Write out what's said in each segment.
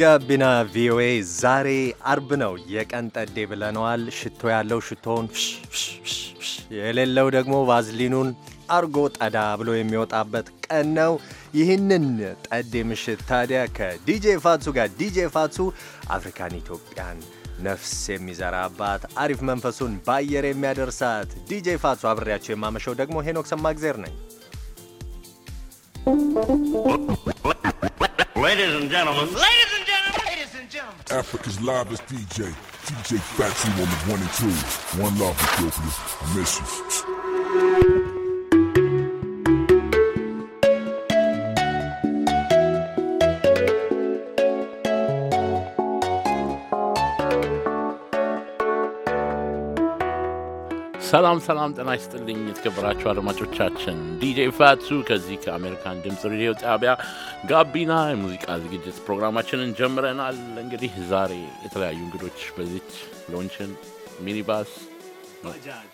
ጋቢና ቪኦኤ ዛሬ አርብ ነው። የቀን ጠዴ ብለነዋል። ሽቶ ያለው ሽቶውን፣ የሌለው ደግሞ ቫዝሊኑን አርጎ ጠዳ ብሎ የሚወጣበት ቀን ነው። ይህንን ጠዴ ምሽት ታዲያ ከዲጄ ፋቱ ጋር ዲጄ ፋቱ አፍሪካን ኢትዮጵያን ነፍስ የሚዘራባት አሪፍ መንፈሱን በአየር የሚያደርሳት ዲጄ ፋቱ አብሬያቸው የማመሸው ደግሞ ሄኖክ ሰማግዜር ነኝ። Ladies and gentlemen, ladies Africa's livest DJ, DJ Fatu on one and two. One love, Ethiopia. I miss you. ሰላም ሰላም፣ ጤና ይስጥልኝ የተከበራችሁ አድማጮቻችን። ዲጄ ፋቱ ከዚህ ከአሜሪካን ድምፅ ሬዲዮ ጣቢያ ጋቢና የሙዚቃ ዝግጅት ፕሮግራማችንን ጀምረናል። እንግዲህ ዛሬ የተለያዩ እንግዶች በዚች ሎንችን ሚኒባስ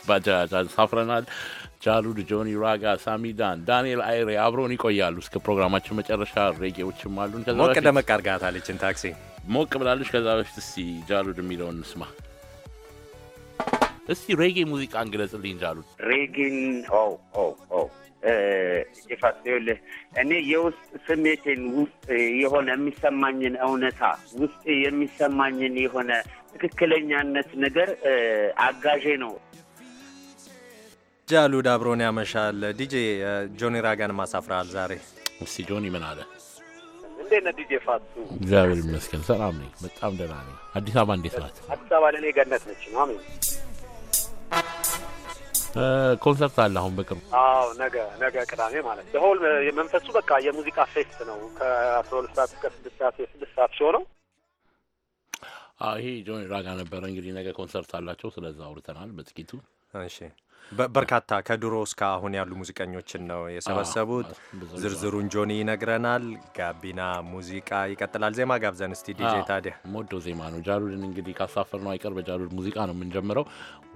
ባጃጅ አሳፍረናል። ጃሉድ፣ ጆኒ ራጋ፣ ሳሚዳን፣ ዳንኤል አይሬ አብረውን ይቆያሉ እስከ ፕሮግራማችን መጨረሻ። ሬጌዎችም አሉን። ሞቅ ደመቅ አድርጋታለችን ታክሲ ሞቅ ብላለች። ከዛ በፊት እስቲ ጃሉድ የሚለውን እንስማ። እስቲ ሬጌ ሙዚቃ እንግለጽልኝ እንዳሉት ሬጌን ፋት ይኸውልህ እኔ የውስጥ ስሜቴን ውስጥ የሆነ የሚሰማኝን እውነታ ውስጥ የሚሰማኝን የሆነ ትክክለኛነት ነገር አጋዤ ነው። ጃሉ ዳብሮን ያመሻል። ዲጄ ጆኒ ራጋን ማሳፍራል ዛሬ። እስቲ ጆኒ ምን አለ? እንዴት ነህ ዲጄ ፋቱ? እግዚአብሔር ይመስገን ሰላም ነኝ፣ በጣም ደህና ነኝ። አዲስ አበባ እንዴት ናት? አዲስ አበባ ለእኔ ገነት ነች። አሜን ኮንሰርት አለ አሁን በቅርቡ። አዎ ነገ ነገ ቅዳሜ ማለት ነው። ሆል መንፈሱ በቃ የሙዚቃ ፌስት ነው። ከአስራ ሁለት ሰዓት እስከ ስድስት ሰዓት የስድስት ሰዓት ሲሆ ነው። ይሄ ጆኒ ራጋ ነበረ። እንግዲህ ነገ ኮንሰርት አላቸው። ስለዛ አውርተናል በጥቂቱ። እሺ በርካታ ከድሮ እስከ አሁን ያሉ ሙዚቀኞችን ነው የሰበሰቡት። ዝርዝሩን ጆኒ ይነግረናል። ጋቢና ሙዚቃ ይቀጥላል። ዜማ ጋብዘን እስቲ ዲጄ። ታዲያ ሞዶ ዜማ ነው። ጃሉድን እንግዲህ ካሳፈር ነው አይቀር በጃሉድ ሙዚቃ ነው የምንጀምረው።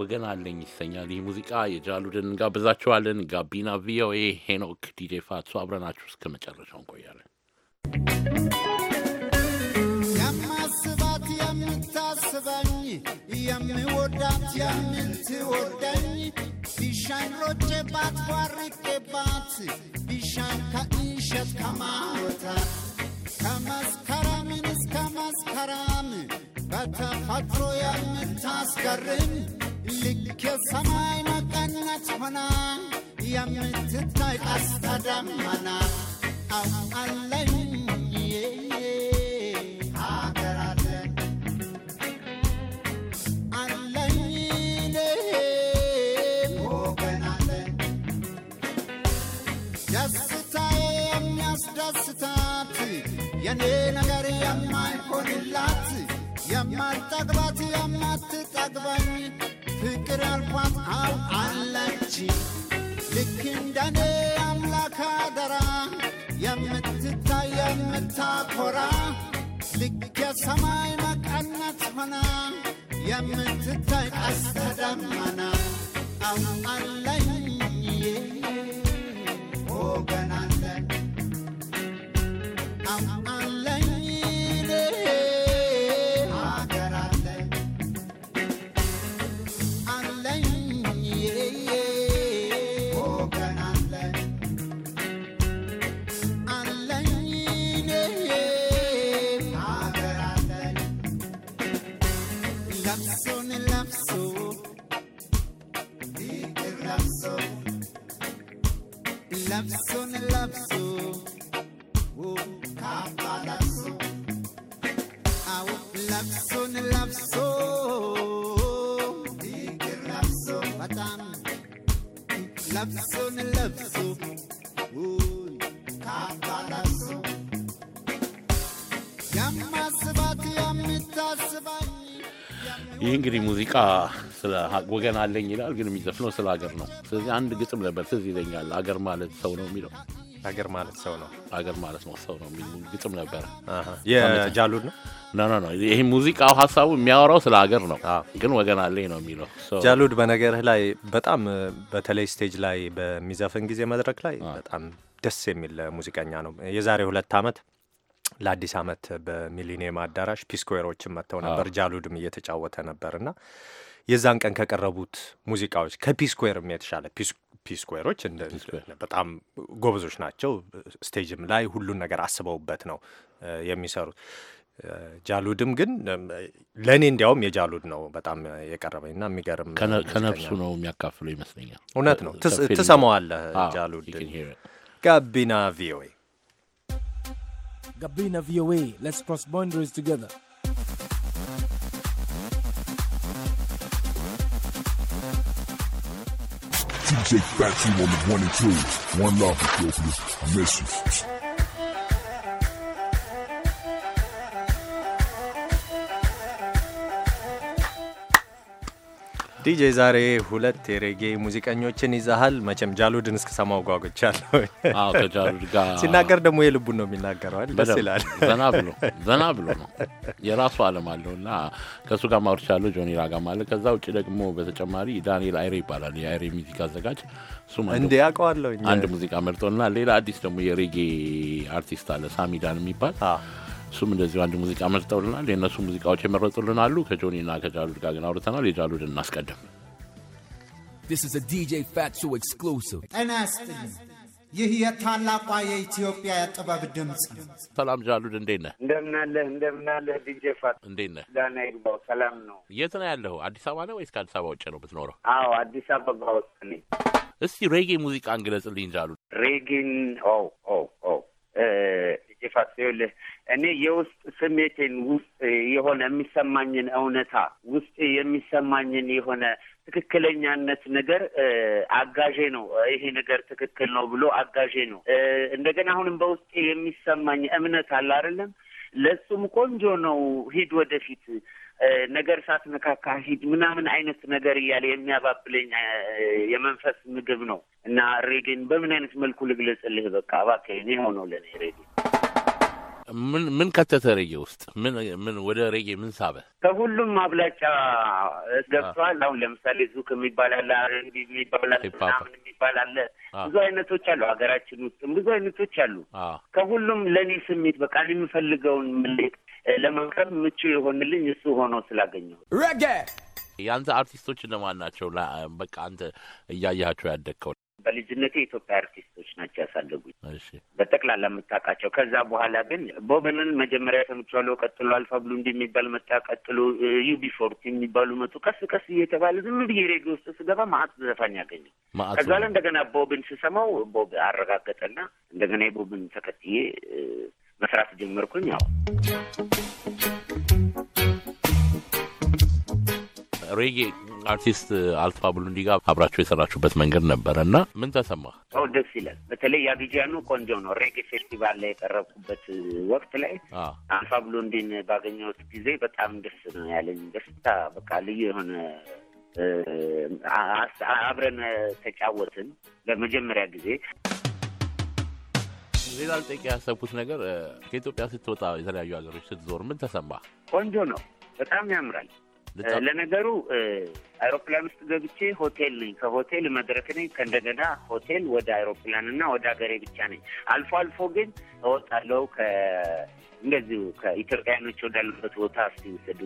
ወገን አለኝ ይሰኛል ይህ ሙዚቃ። የጃሉድን እንጋብዛችኋለን። ጋቢና ቪኦኤ፣ ሄኖክ ዲጄ ፋትሶ አብረናችሁ እስከ መጨረሻው እንቆያለን። የማስባት የምታስበኝ የምወዳት የምትወደኝ Bishaan rojjebaat warriqebaat bishaan ka'iishat kamaatat kamas karaminis kamas karam በተፈጥሮ የምታስገርም ልክ የሰማይ መቀነት ሆና የምትታይ ቀስተ ደመና አው አለኝ የኔ ነገር የማይሆንላት የማትጠግባት የማትጠግባኝ ፍቅር አልኳት አው አለች ልክ እንደኔ አምላክ አደራ የምትታይ የምታኮራ ልክ የሰማይ መቀነት ሆና የምትታይ ቀስተ ደመና አው አለኝ ወገና እንግዲህ ሙዚቃ ስለ ወገን አለኝ ይላል፣ ግን የሚዘፍነው ስለ ሀገር ነው። ስለዚህ አንድ ግጥም ነበር ትዝ ይለኛል። አገር ማለት ሰው ነው የሚለው አገር ማለት ሰው ነው፣ አገር ማለት ነው ሰው ነው የሚል ግጥም ነበረ። የጃሉድ ነው ና ይህ ሙዚቃ ሀሳቡ የሚያወራው ስለ ሀገር ነው፣ ግን ወገን አለኝ ነው የሚለው ጃሉድ። በነገርህ ላይ በጣም በተለይ ስቴጅ ላይ በሚዘፍን ጊዜ መድረክ ላይ በጣም ደስ የሚል ሙዚቀኛ ነው። የዛሬ ሁለት ዓመት ለአዲስ ዓመት በሚሊኒየም አዳራሽ ፒስኩዌሮችን መጥተው ነበር። ጃሉድም እየተጫወተ ነበር እና የዛን ቀን ከቀረቡት ሙዚቃዎች ከፒስኩዌርም የተሻለ ፒስኩዌሮች በጣም ጎበዞች ናቸው። ስቴጅም ላይ ሁሉን ነገር አስበውበት ነው የሚሰሩት። ጃሉድም ግን ለእኔ እንዲያውም የጃሉድ ነው በጣም እና የሚገርም ከነፍሱ ነው የሚያካፍለው ይመስለኛል። እውነት ነው። ትሰማዋለህ ጃሉድ ጋቢና ቪኦኤ Gabina VOA. Let's cross boundaries together. DJ Factory on the one and two. One love, Theophilus. I miss you. ዲጄ ዛሬ ሁለት የሬጌ ሙዚቀኞችን ይዛሃል። መቼም ጃሉድን እስክሰማው ጓጉቻለሁ። አዎ ከጃሉድ ጋር ሲናገር ደግሞ የልቡን ነው የሚናገረዋል። ደስ ይላል። ዘና ብሎ ዘና ብሎ ነው የራሱ አለም አለው እና ከእሱ ጋር ማውርቻለሁ። ጆኒ ራጋ ማለት ከዛ ውጭ ደግሞ በተጨማሪ ዳንኤል አይሬ ይባላል። የአይሬ ሚዚክ አዘጋጅ እንዴ እንዲ ያውቀዋለሁ። አንድ ሙዚቃ መርጦና ሌላ አዲስ ደግሞ የሬጌ አርቲስት አለ ሳሚዳን የሚባል እሱም እንደዚሁ አንድ ሙዚቃ መርጠውልናል። የእነሱ ሙዚቃዎች የመረጡልን አሉ። ከጆኒና ከጃሉድ ጋር ግን አውርተናል። የጃሉድን እናስቀድም። This is a DJ Fatso exclusive. ይህ የታላቋ የኢትዮጵያ የጥበብ ድምፅ ነው። ሰላም ጃሉድ፣ እንዴት ነህ? እንደምናለህ እንደምናለህ። ዲጄ ፋት እንዴት ነህ? ዳና ይግባው ሰላም ነው። የት ነው ያለኸው? አዲስ አበባ ነው ወይስ ከአዲስ አበባ ውጭ ነው ብትኖረው? አዎ አዲስ አበባ ውስጥ ነኝ። እስቲ ሬጌ ሙዚቃ እንግለጽልኝ ጃሉድ። ሬጌን ኦ ኦ ኦ ዲጄ ፋት ይኸውልህ እኔ የውስጥ ስሜቴን ውስጥ የሆነ የሚሰማኝን እውነታ ውስጥ የሚሰማኝን የሆነ ትክክለኛነት ነገር አጋዤ ነው። ይሄ ነገር ትክክል ነው ብሎ አጋዤ ነው። እንደገና አሁንም በውስጤ የሚሰማኝ እምነት አለ አይደለም። ለሱም ቆንጆ ነው፣ ሂድ ወደፊት ነገር ሳትነካካ ሂድ ምናምን አይነት ነገር እያለ የሚያባብለኝ የመንፈስ ምግብ ነው እና ሬዲን በምን አይነት መልኩ ልግለጽልህ? በቃ እባክህ ሆነው ለእኔ ሬዲን ምን ምን ከተተ ሬጌ ውስጥ ምን ምን ወደ ሬጌ ምን ሳበ? ከሁሉም አብላጫ ገብተዋል። አሁን ለምሳሌ ዙክ የሚባል አለ፣ አረንቢ የሚባል አለ፣ ምናምን የሚባል አለ። ብዙ አይነቶች አሉ፣ ሀገራችን ውስጥም ብዙ አይነቶች አሉ። ከሁሉም ለእኔ ስሜት በቃ የምፈልገውን ምሌት ለመቅረብ ምቹ የሆንልኝ እሱ ሆኖ ስላገኘው ሬጌ የአንተ አርቲስቶች እነማን ናቸው? በቃ አንተ እያያቸው ያደግከው በልጅነቴ የኢትዮጵያ አርቲስቶች ናቸው ያሳደጉኝ በጠቅላላ የምታውቃቸው። ከዛ በኋላ ግን ቦብንን መጀመሪያ ሰምቻለሁ። ቀጥሎ አልፋብሉ እንዲህ የሚባል መጣ። ቀጥሎ ዩቢ ፎርት የሚባሉ መጡ። ቀስ ቀስ እየተባለ ዝም ብዬ ሬዲዮ ውስጥ ስገባ ማአት ዘፋኝ ያገኘ። ከዛ ላ እንደገና ቦብን ስሰማው ቦብ አረጋገጠና እንደገና የቦብን ተከትዬ መስራት ጀመርኩኝ። ያው ሬጌ አርቲስት አልፋ ብሉንዲ ጋር አብራቸው የሰራችሁበት መንገድ ነበረ እና ምን ተሰማ? ው ደስ ይላል። በተለይ አቢጃኑ ቆንጆ ነው። ሬጌ ፌስቲቫል ላይ የቀረብኩበት ወቅት ላይ አልፋ ብሉንዲን ባገኘሁት ጊዜ በጣም ደስ ነው ያለኝ። ደስታ በቃ ልዩ የሆነ አብረን ተጫወትን ለመጀመሪያ ጊዜ። ሌላ ልጠይቅ ያሰብኩት ነገር ከኢትዮጵያ ስትወጣ የተለያዩ ሀገሮች ስትዞር ምን ተሰማ? ቆንጆ ነው። በጣም ያምራል። ለነገሩ አይሮፕላን ውስጥ ገብቼ ሆቴል ነኝ፣ ከሆቴል መድረክ ነኝ፣ ከእንደገና ሆቴል ወደ አይሮፕላን እና ወደ ሀገሬ ብቻ ነኝ። አልፎ አልፎ ግን እወጣለሁ። እንደዚሁ ከኢትዮጵያኖች ወዳሉበት ቦታ እስቲ ውሰዱ፣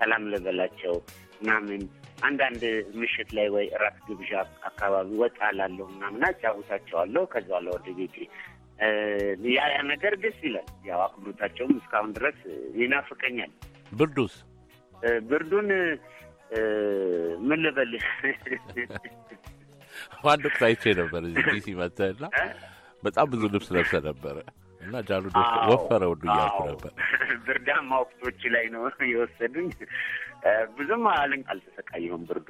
ሰላም ልበላቸው ምናምን አንዳንድ ምሽት ላይ ወይ ራት ግብዣ አካባቢ ወጣ ላለሁ ምናምን አጫውታቸዋለሁ። ከዛ ለ ወደ ቤቴ ያ ነገር ደስ ይላል። ያው አክብሮታቸውም እስካሁን ድረስ ይናፍቀኛል። ብርዱስ ብርዱን ምን ልበልህ፣ አንድ ወቅት አይቼ ነበር እዚህ ሲመተህና በጣም ብዙ ልብስ ለብሰ ነበረ እና ጃሉ ወፈረ ወዱ እያልኩ ነበር። ብርዳማ ወቅቶች ላይ ነው የወሰዱኝ። ብዙም አልን አልተሰቃየሁም ብርዱ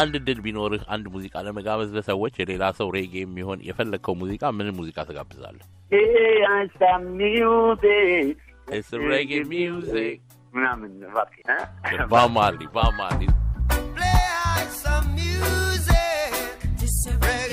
አንድ እድል ቢኖርህ አንድ ሙዚቃ ለመጋበዝ ለሰዎች የሌላ ሰው ሬጌ የሚሆን የፈለግከው ሙዚቃ ምን ሙዚቃ ትጋብዛለህ? ምናምን ቫማሊ Play some music.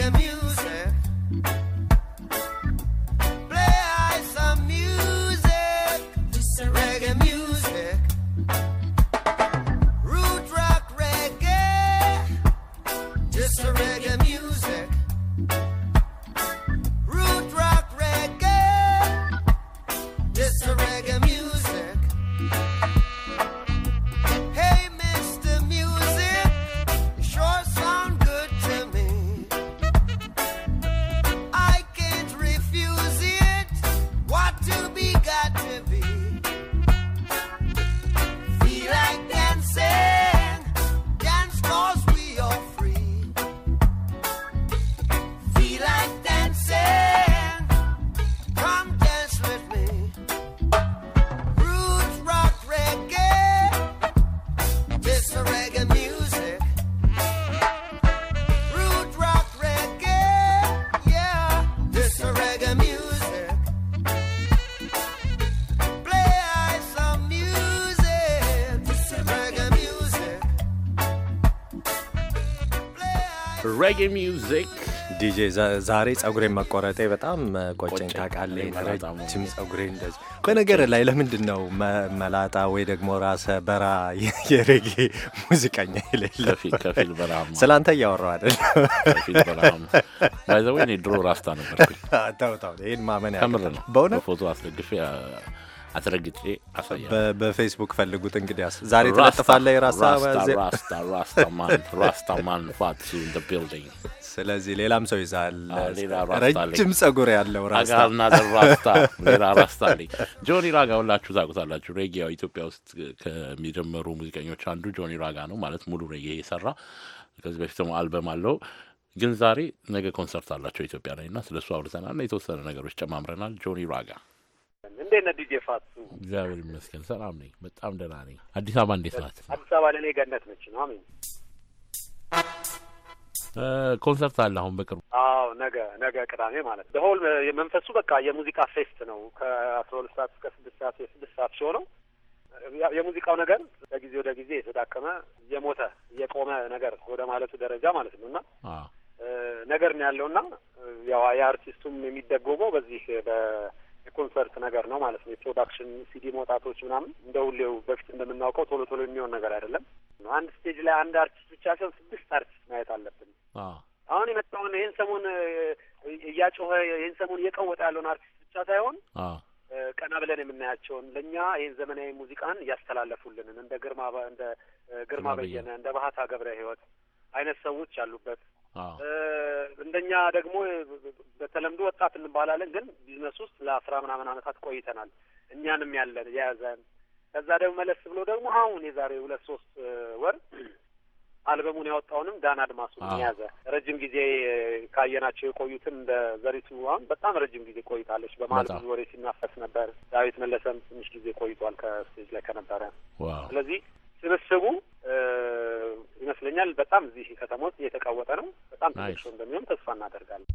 ሬጌ ሚውዚክ ዲጄ ዛሬ ጸጉሬን መቆረጤ በጣም ቆጨኝ። ታውቃለህ፣ ረጅም ጸጉሬ እንደዚህ። በነገር ላይ ለምንድን ነው መላጣ ወይ ደግሞ ራሰ በራ የሬጌ ሙዚቀኛ የሌለ? ከፊል በረሃማ ስላንተ እያወራሁ አይደለም። ከፊል በረሃማ ባይ ዘ ወይ እኔ ድሮ ራስታ ነበርኩኝ። ተው ተው፣ ይሄን ማመን ያ በእውነት በፎቶ አስደግፌ አስረግጬ አሳያለሁ። በፌስቡክ ፈልጉት። እንግዲህ ዛሬ ትለጥፋለህ ራስታማን ፋቱ ኢን ቢልዲንግ። ስለዚህ ሌላም ሰው ይዛል ረጅም ጸጉር ያለው ራስታና ራስታ ሌላ ራስታ ላይ ጆኒ ራጋ ሁላችሁ ታውቁታላችሁ። ሬጌያው ኢትዮጵያ ውስጥ ከሚጀመሩ ሙዚቀኞች አንዱ ጆኒ ራጋ ነው። ማለት ሙሉ ሬጌ የሰራ ከዚህ በፊት ደግሞ አልበም አለው ግን ዛሬ ነገ ኮንሰርት አላቸው ኢትዮጵያ ላይ እና ስለ እሱ አውርተናል። የተወሰነ ነገሮች ጨማምረናል። ጆኒ ራጋ እንዴት ነህ ዲጄ ፋቱ? እግዚአብሔር ይመስገን ሰላም ነኝ፣ በጣም ደህና ነኝ። አዲስ አበባ እንዴት ናት? አዲስ አበባ ለእኔ ገነት ነች ነው። አሜን። ኮንሰርት አለ አሁን በቅርቡ? አዎ ነገ ነገ ቅዳሜ ማለት ነው። በሆል መንፈሱ በቃ የሙዚቃ ፌስት ነው። ከአስራ ሁለት ሰዓት እስከ ስድስት ሰዓት የስድስት ሰዓት ሲሆ ነው የሙዚቃው ነገር ከጊዜ ወደ ጊዜ የተዳከመ እየሞተ እየቆመ ነገር ወደ ማለቱ ደረጃ ማለት ነው እና ነገር ነው ያለው ያለውና ያው የአርቲስቱም የሚደጎመው በዚህ የኮንሰርት ነገር ነው ማለት ነው። የፕሮዳክሽን ሲዲ መውጣቶች ምናምን እንደ ሁሌው በፊት እንደምናውቀው ቶሎ ቶሎ የሚሆን ነገር አይደለም። አንድ ስቴጅ ላይ አንድ አርቲስት ብቻ ሲሆን ስድስት አርቲስት ማየት አለብን። አሁን የመጣውን ይህን ሰሞን እያጮኸ ይህን ሰሞን እየቀወጠ ያለውን አርቲስት ብቻ ሳይሆን ቀና ብለን የምናያቸውን ለእኛ ይህን ዘመናዊ ሙዚቃን እያስተላለፉልንን እንደ ግርማ እንደ ግርማ በየነ እንደ ባህታ ገብረ ህይወት አይነት ሰዎች ያሉበት እንደኛ ደግሞ በተለምዶ ወጣት እንባላለን፣ ግን ቢዝነስ ውስጥ ለአስራ ምናምን አመታት ቆይተናል። እኛንም ያለን የያዘን ከዛ ደግሞ መለስ ብሎ ደግሞ አሁን የዛሬ ሁለት ሶስት ወር አልበሙን ያወጣውንም ዳን አድማሱን የያዘ ረጅም ጊዜ ካየናቸው የቆዩትን እንደ ዘሪቱ አሁን በጣም ረጅም ጊዜ ቆይታለች። በመሀል ብዙ ወሬ ሲናፈስ ነበር። ዳዊት መለሰም ትንሽ ጊዜ ቆይቷል ከስቴጅ ላይ ከነበረ። ስለዚህ ስብስቡ ይመስለኛል በጣም እዚህ ከተሞች እየተቃወጠ ነው። በጣም ትልቅ እንደሚሆን ተስፋ እናደርጋለን።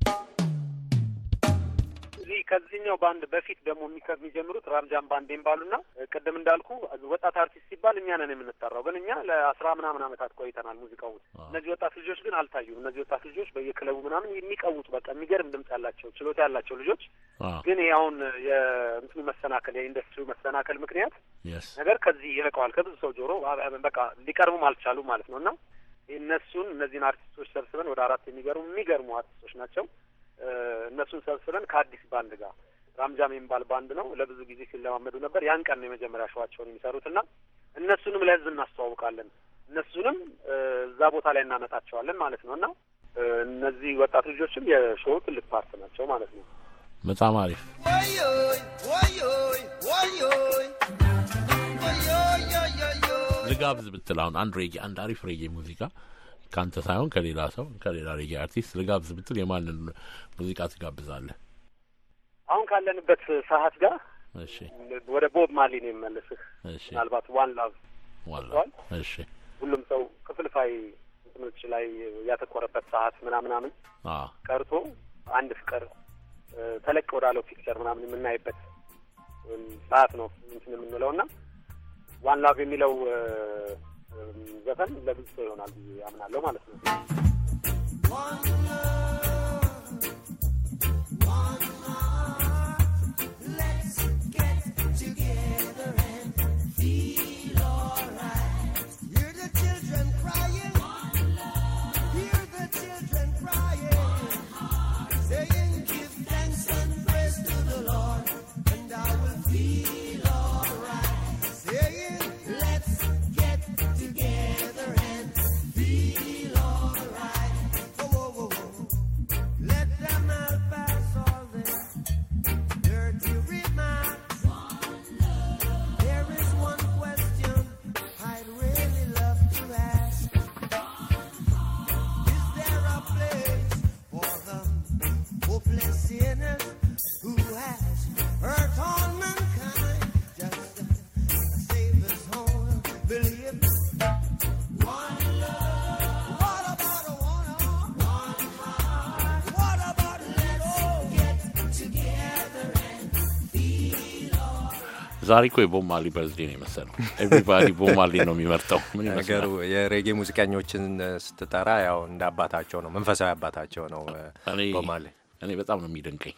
እዚህ ከዚህኛው ባንድ በፊት ደግሞ የሚጀምሩት ራምጃን ባንድ የሚባሉና ቅድም እንዳልኩ ወጣት አርቲስት ሲባል እኛ ነን የምንጠራው። ግን እኛ ለአስራ ምናምን ዓመታት ቆይተናል ሙዚቃ ውስጥ። እነዚህ ወጣት ልጆች ግን አልታዩም። እነዚህ ወጣት ልጆች በየክለቡ ምናምን የሚቀውጡ በቃ የሚገርም ድምጽ ያላቸው ችሎታ ያላቸው ልጆች ግን ይህ አሁን የእንትኑ መሰናከል የኢንዱስትሪው መሰናከል ምክንያት ነገር ከዚህ ይርቀዋል ከብዙ ሰው ጆሮ በቃ ሊቀርቡም አልቻሉም ማለት ነው እና እነሱን እነዚህን አርቲስቶች ሰብስበን ወደ አራት የሚገርሙ የሚገርሙ አርቲስቶች ናቸው እነሱን ሰብስበን ከአዲስ ባንድ ጋር ራምጃም የሚባል ባንድ ነው። ለብዙ ጊዜ ሲለማመዱ ነበር። ያን ቀን ነው የመጀመሪያ ሸዋቸውን የሚሰሩት እና እነሱንም ለህዝብ እናስተዋውቃለን። እነሱንም እዛ ቦታ ላይ እናመጣቸዋለን ማለት ነው እና እነዚህ ወጣት ልጆችም የሾው ትልቅ ፓርት ናቸው ማለት ነው። በጣም አሪፍ ልጋብዝ ብትል አሁን አንድ ሬጌ አንድ አሪፍ ሬጌ ሙዚቃ ከአንተ ሳይሆን ከሌላ ሰው ከሌላ ሬጌ አርቲስት ልጋብዝ ብትል የማንን ሙዚቃ ትጋብዛለህ? አሁን ካለንበት ሰዓት ጋር ወደ ቦብ ማሊ ነው የምመልስህ። ምናልባት ዋን ላቭ ዋን ሁሉም ሰው ክፍልፋይ እንትኖች ላይ ያተኮረበት ሰዓት ምናምናምን ቀርቶ አንድ ፍቅር ተለቅ ወዳለው ፒክቸር ምናምን የምናይበት ሰዓት ነው እንትን የምንለው እና ዋን ላቭ የሚለው ዘፈን ለብቻ ይሆናል ብዬ አምናለሁ ማለት ነው። ዛሬ እኮ የቦብ ማርሊ በርዝዴ ነው የመሰለው። ኤቭሪባዲ ቦብ ማርሊ ነው የሚመርጠው። ነገሩ የሬጌ ሙዚቀኞችን ስትጠራ ያው እንደ አባታቸው ነው፣ መንፈሳዊ አባታቸው ነው ቦብ ማርሊ። እኔ በጣም ነው የሚደንቀኝ።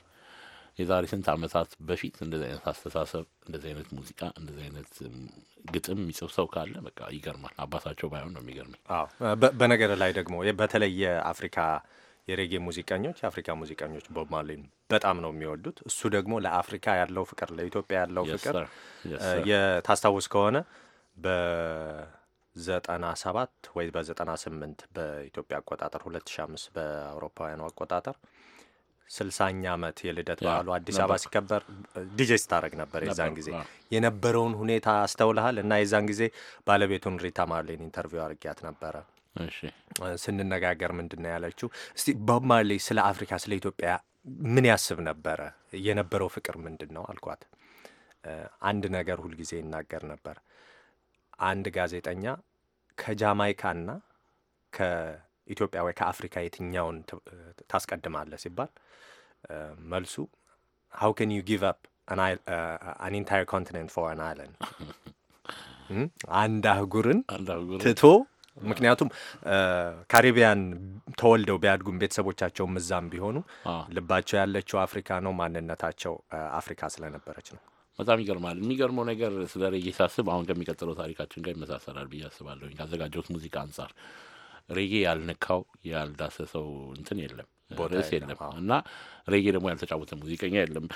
የዛሬ ስንት ዓመታት በፊት እንደዚህ አይነት አስተሳሰብ፣ እንደዚህ አይነት ሙዚቃ፣ እንደዚህ አይነት ግጥም የሚጽፍ ሰው ካለ በቃ ይገርማል። አባታቸው ባይሆን ነው የሚገርመኝ። በነገር ላይ ደግሞ በተለይ የአፍሪካ የሬጌ ሙዚቀኞች የአፍሪካ ሙዚቀኞች ቦብ ማርሊን በጣም ነው የሚወዱት። እሱ ደግሞ ለአፍሪካ ያለው ፍቅር፣ ለኢትዮጵያ ያለው ፍቅር የታስታውስ ከሆነ በዘጠና ሰባት ወይ በዘጠና ስምንት በኢትዮጵያ አቆጣጠር ሁለት ሺ አምስት በአውሮፓውያኑ አቆጣጠር ስልሳኛ ዓመት የልደት በዓሉ አዲስ አበባ ሲከበር ዲጄ ስታደረግ ነበር። የዛን ጊዜ የነበረውን ሁኔታ አስተውልሃል? እና የዛን ጊዜ ባለቤቱን ሪታ ማርሊን ኢንተርቪው አድርጊያት ነበረ ስንነጋገር ምንድን ነው ያለችው? እስቲ ቦብ ማርሌ ስለ አፍሪካ ስለ ኢትዮጵያ ምን ያስብ ነበረ? የነበረው ፍቅር ምንድን ነው አልኳት። አንድ ነገር ሁልጊዜ ይናገር ነበር። አንድ ጋዜጠኛ ከጃማይካና ከኢትዮጵያ ወይ ከአፍሪካ የትኛውን ታስቀድማለህ ሲባል መልሱ ሀው ከን ዩ ጊቭ አፕ አን ኢንታየር ኮንቲኔንት ፎር አን አይላንድ አንድ አህጉርን ትቶ ምክንያቱም ካሪቢያን ተወልደው ቢያድጉም ቤተሰቦቻቸውም እዛም ቢሆኑ ልባቸው ያለችው አፍሪካ ነው። ማንነታቸው አፍሪካ ስለነበረች ነው። በጣም ይገርማል። የሚገርመው ነገር ስለ ሬጌ ሳስብ አሁን ከሚቀጥለው ታሪካችን ጋር ይመሳሰላል ብዬ አስባለሁ። ካዘጋጀሁት ሙዚቃ አንጻር ሬጌ ያልነካው ያልዳሰሰው እንትን የለም ርዕስ የለም እና ሬጌ ደግሞ ያልተጫወተ ሙዚቀኛ የለም።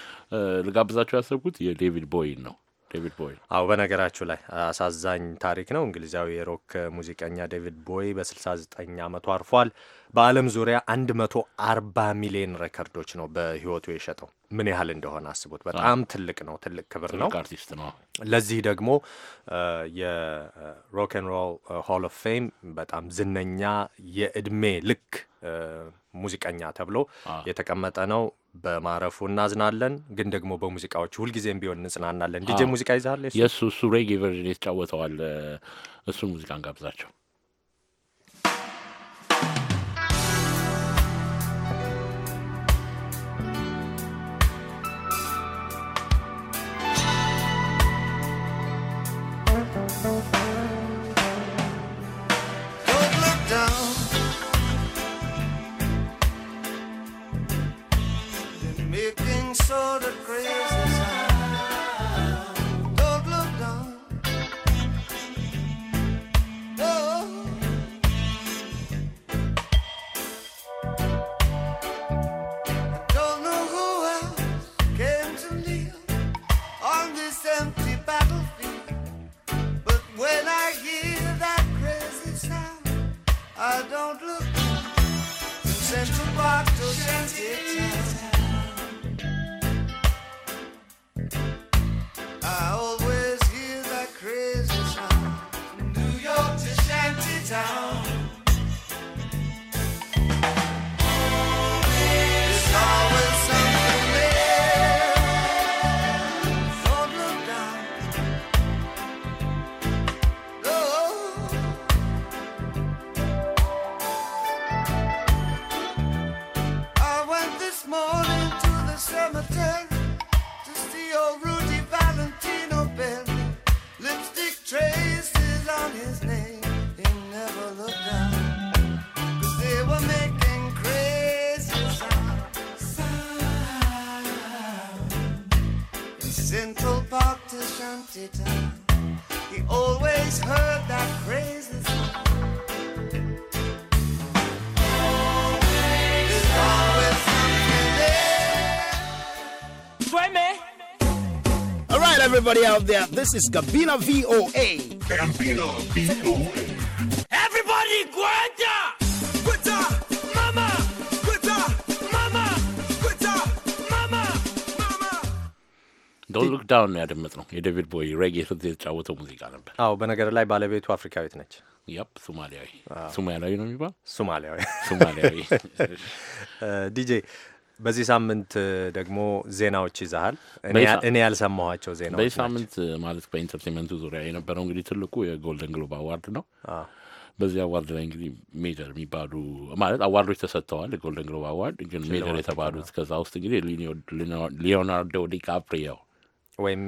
ልጋብዛቸው ያሰብኩት የዴቪድ ቦይን ነው። ዴቪድ ቦይ። አዎ በነገራችሁ ላይ አሳዛኝ ታሪክ ነው። እንግሊዛዊ የሮክ ሙዚቀኛ ዴቪድ ቦይ በ69 ዓመቱ አርፏል። በዓለም ዙሪያ 140 ሚሊዮን ሬከርዶች ነው በህይወቱ የሸጠው። ምን ያህል እንደሆነ አስቡት። በጣም ትልቅ ነው። ትልቅ ክብር ነው። አርቲስት ነው። ለዚህ ደግሞ የሮክ ን ሮል ሆል ኦፍ ፌም በጣም ዝነኛ የእድሜ ልክ ሙዚቀኛ ተብሎ የተቀመጠ ነው። በማረፉ እናዝናለን፣ ግን ደግሞ በሙዚቃዎች ሁልጊዜም ቢሆን እንጽናናለን። ዲጄ ሙዚቃ ይዛለ የእሱ እሱ ሬጌ ቨርዥን የተጫወተዋል። እሱን ሙዚቃ እንጋብዛቸው። everybody out there. This is Gabina VOA. Gabina VOA. Everybody, Guanta! Guanta! Mama! Guanta! Mama! Guanta! Mama! Mama! Don't look down ያደመጥነው የዴቪድ ቦይ ሬጌ ስልት የተጫወተው ሙዚቃ ነበር። አዎ፣ በነገር ላይ ባለቤቱ አፍሪካዊት ነች። ያፕ ሶማሊያዊ ሶማሊያዊ ነው የሚባል ሶማሊያዊ ሶማሊያዊ ዲጄ በዚህ ሳምንት ደግሞ ዜናዎች ይዛሃል። እኔ ያልሰማኋቸው ዜናዎች በዚህ ሳምንት ማለት በኢንተርቴንመንቱ ዙሪያ የነበረው እንግዲህ ትልቁ የጎልደን ግሎብ አዋርድ ነው። በዚህ አዋርድ ላይ እንግዲህ ሜጀር የሚባሉ ማለት አዋርዶች ተሰጥተዋል። የጎልደን ግሎብ አዋርድ ግን ሜጀር የተባሉት ከዛ ውስጥ እንግዲህ ሊዮናርዶ ዲካፕሪዮ ወይም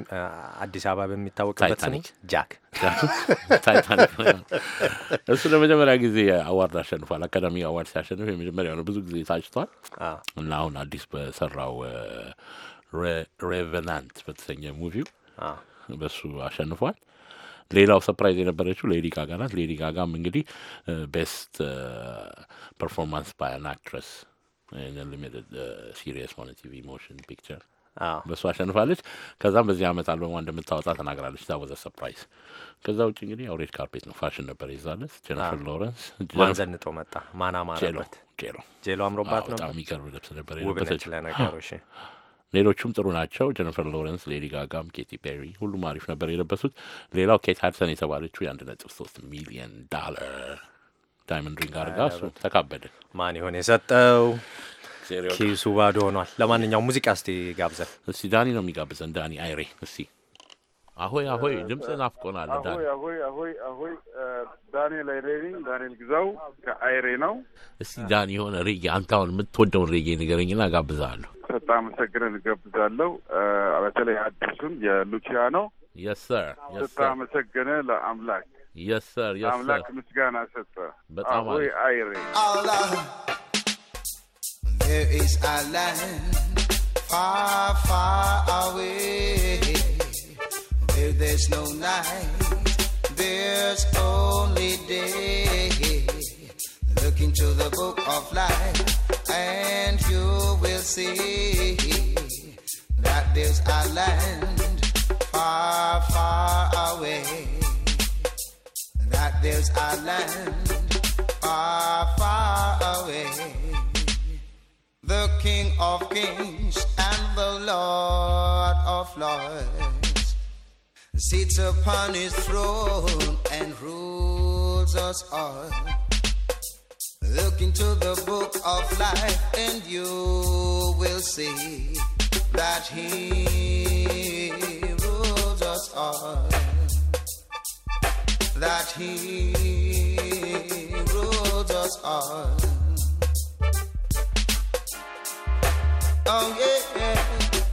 አዲስ አበባ በሚታወቅበት ስሙ ጃክ እሱ ለመጀመሪያ ጊዜ አዋርድ አሸንፏል። አካዳሚ አዋርድ ሲያሸንፍ የመጀመሪያው ነው። ብዙ ጊዜ ታጭቷል እና አሁን አዲስ በሰራው ሬቨናንት በተሰኘ ሙቪው በሱ አሸንፏል። ሌላው ሰፕራይዝ የነበረችው ሌዲ ጋጋ ናት። ሌዲ ጋጋም እንግዲህ ቤስት ፐርፎርማንስ ባይ አን አክትረስ ሊሚትድ ሲሪየስ ሆነ ቲቪ ሞሽን ፒክቸር በእሱ አሸንፋለች። ከዛም በዚህ አመት አልበሟ እንደምታወጣ ተናግራለች። ዛ ሰፕራይዝ። ከዛ ውጭ እንግዲህ ያው ሬድ ካርፔት ነው ፋሽን ነበር ይዛለት። ጀኒፈር ሎረንስ ማን ዘንጦ መጣ? ማና ማረበት? ጄሎ ጄሎ አምሮባት ነው። በጣም የሚገርም ልብስ ነበር የለበሰች። ሌሎቹም ጥሩ ናቸው። ጀነፈር ሎረንስ፣ ሌዲ ጋጋም፣ ኬቲ ፔሪ ሁሉም አሪፍ ነበር የለበሱት። ሌላው ኬት ሀድሰን የተባለችው የአንድ ነጥብ ሶስት ሚሊየን ዳለር ዳይመንድ ሪንግ አድርጋ እሱ ተካበደ። ማን ይሆን የሰጠው? ኪሱ ባዶ ሆኗል። ለማንኛውም ሙዚቃ እስቲ ጋብዘን። እስቲ ዳኒ ነው የሚጋብዘን። ዳኒ አይሬ እስቲ አሆይ አሆይ፣ ድምፅ ናፍቆናል። አሆይ አሆይ አሆይ አሆይ። ዳንኤል አይሬ ነኝ። ዳንኤል ግዛው ከአይሬ ነው። እስቲ ዳኒ የሆነ ሬጌ አንተ አሁን የምትወደውን ሬጌ ንገረኝና ጋብዛለሁ። በጣም አመሰግነን እጋብዛለሁ። በተለይ አዲሱን የሉቺያኖ የሰር በጣም አመሰግነ ለአምላክ የሰር ለአምላክ ምስጋና ሰጠ። በጣም አይ አይሬ አላህ There is a land far, far away where there's no night, there's only day. Look into the book of life, and you will see that there's a land far, far away. That there's a land far, far away the King of Kings and the Lord of Lords, sits upon his throne and rules us all. Look into the book of life, and you will see that he rules us all. That he rules us all. Oh yeah,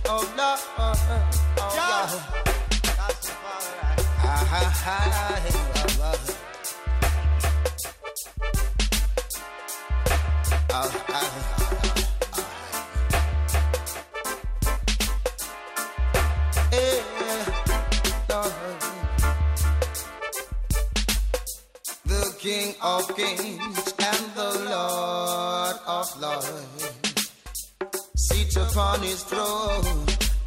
oh Lord, uh, uh, oh, yeah. Ah ha ha, King of kings and the Lord of lords sit upon his throne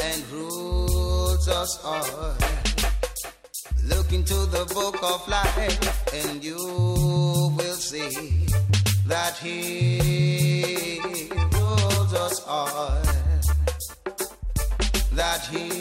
and rules us all. Look into the book of life and you will see that he rules us all. That he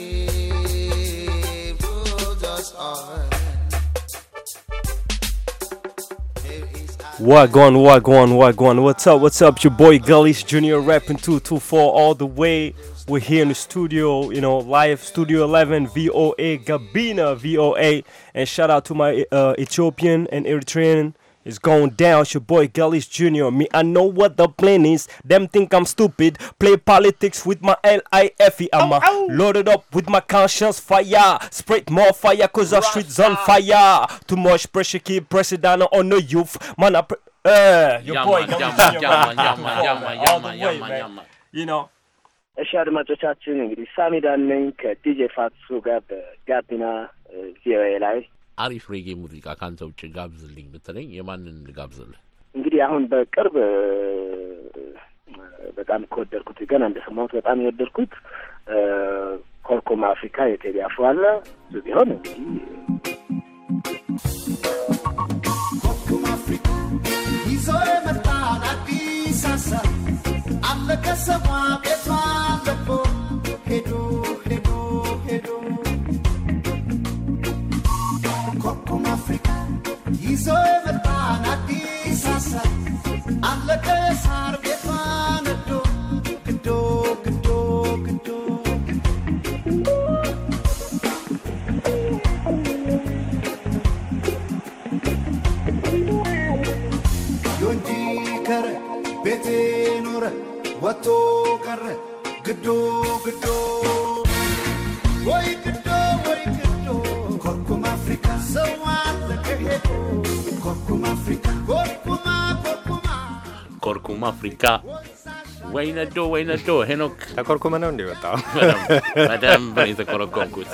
Wagwan, Wagwan, Wagwan. What's up? What's up? Your boy Gullys Junior rapping 224 all the way. We're here in the studio, you know, live Studio 11, VOA, Gabina, VOA. And shout out to my uh, Ethiopian and Eritrean it's going down, it's your boy Gallis Jr. Me, I know what the plan is. Them think I'm stupid. Play politics with my L-I-F-E. I'm oh, oh. loaded up with my conscience fire. Spread more fire cause Rasta. our streets on fire. Too much pressure keep pressing down on the youth. Man, I pre- uh, your yeah, boy man, Gallis yeah, Jr. You know. Eshaduma to chat to me. Sami dan link DJ Fatsuga Gapina uh, VOA Live. አሪፍ ሬጌ ሙዚቃ ከአንተ ውጭ ጋብዝልኝ ብትለኝ የማንን ልጋብዝልህ? እንግዲህ አሁን በቅርብ በጣም ከወደድኩት ገና እንደሰማሁት በጣም የወደድኩት ኮርኮም አፍሪካ የቴዲ አፍሮ አለ ቢሆን እንግዲህ ይዞ የመጣን አዲስ ሀሳብ አለቀሰማ ኮርኩም አፍሪካ ወይነዶ ወይነዶ ሄኖክ ተኮርኩመ ነው እንዲ ወጣው በደንብ የተኮረኮርኩት።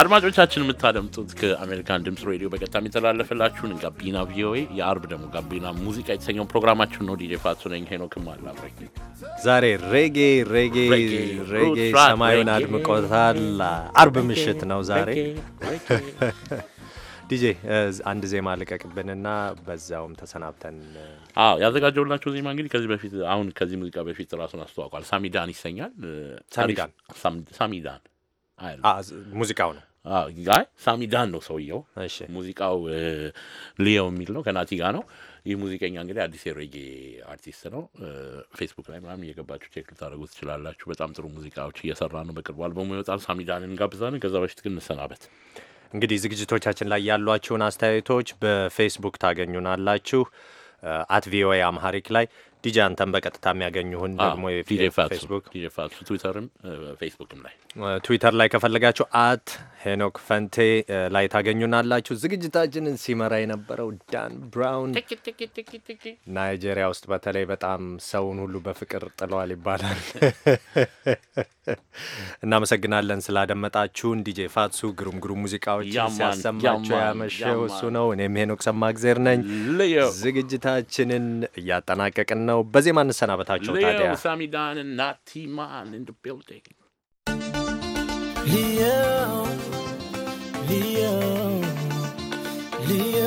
አድማጮቻችን የምታደምጡት ከአሜሪካን ድምፅ ሬዲዮ በቀጥታ የሚተላለፍላችሁን ጋቢና ቪኦኤ የአርብ ደግሞ ጋቢና ሙዚቃ የተሰኘውን ፕሮግራማችን ነው። ዲጄ ፋቱ ነኝ። ሄኖክም አላብረ ዛሬ ሬጌ ሬጌ ሬጌ ሰማዩን አድምቆታል። አርብ ምሽት ነው ዛሬ ዲጄ አንድ ዜማ ልቀቅብንና በዛውም ተሰናብተን። አዎ ያዘጋጀውላቸው ዜማ እንግዲህ ከዚህ በፊት አሁን ከዚህ ሙዚቃ በፊት ራሱን አስተዋውቋል። ሳሚዳን ይሰኛል። ሳሚዳን ሳሚዳን ሙዚቃው ነው። አይ ሳሚዳን ነው ሰውየው። ሙዚቃው ልየው የሚል ነው። ከናቲ ጋ ነው። ይህ ሙዚቀኛ እንግዲህ አዲስ የሬጌ አርቲስት ነው። ፌስቡክ ላይ ምናምን እየገባችሁ ቼክ ልታደርጉ ትችላላችሁ። በጣም ጥሩ ሙዚቃዎች እየሰራ ነው። በቅርቡ አልበሙ ይወጣል። ሳሚዳንን ጋብዛንን። ከዛ በፊት ግን እንሰናበት። እንግዲህ ዝግጅቶቻችን ላይ ያሏችሁን አስተያየቶች በፌስቡክ ታገኙናላችሁ። አት ቪኦኤ አምሃሪክ ላይ ዲጂ አንተን በቀጥታ የሚያገኙሁን ደግሞ ፌስቡክ ትዊተርም ፌስቡክም ላይ ትዊተር ላይ ከፈለጋችሁ አት ሄኖክ ፈንቴ ላይ ታገኙናላችሁ። ዝግጅታችንን ሲመራ የነበረው ዳን ብራውን ናይጄሪያ ውስጥ በተለይ በጣም ሰውን ሁሉ በፍቅር ጥለዋል ይባላል። እናመሰግናለን ስላደመጣችሁን። ዲጄ ፋትሱ ግሩም ግሩም ሙዚቃዎች ሲያሰማቸው ያመሸው እሱ ነው። እኔም ሄኖክ ሰማእግዜር ነኝ። ዝግጅታችንን እያጠናቀቅን ነው። በዜማ እንሰናበታቸው ታዲያ Leo,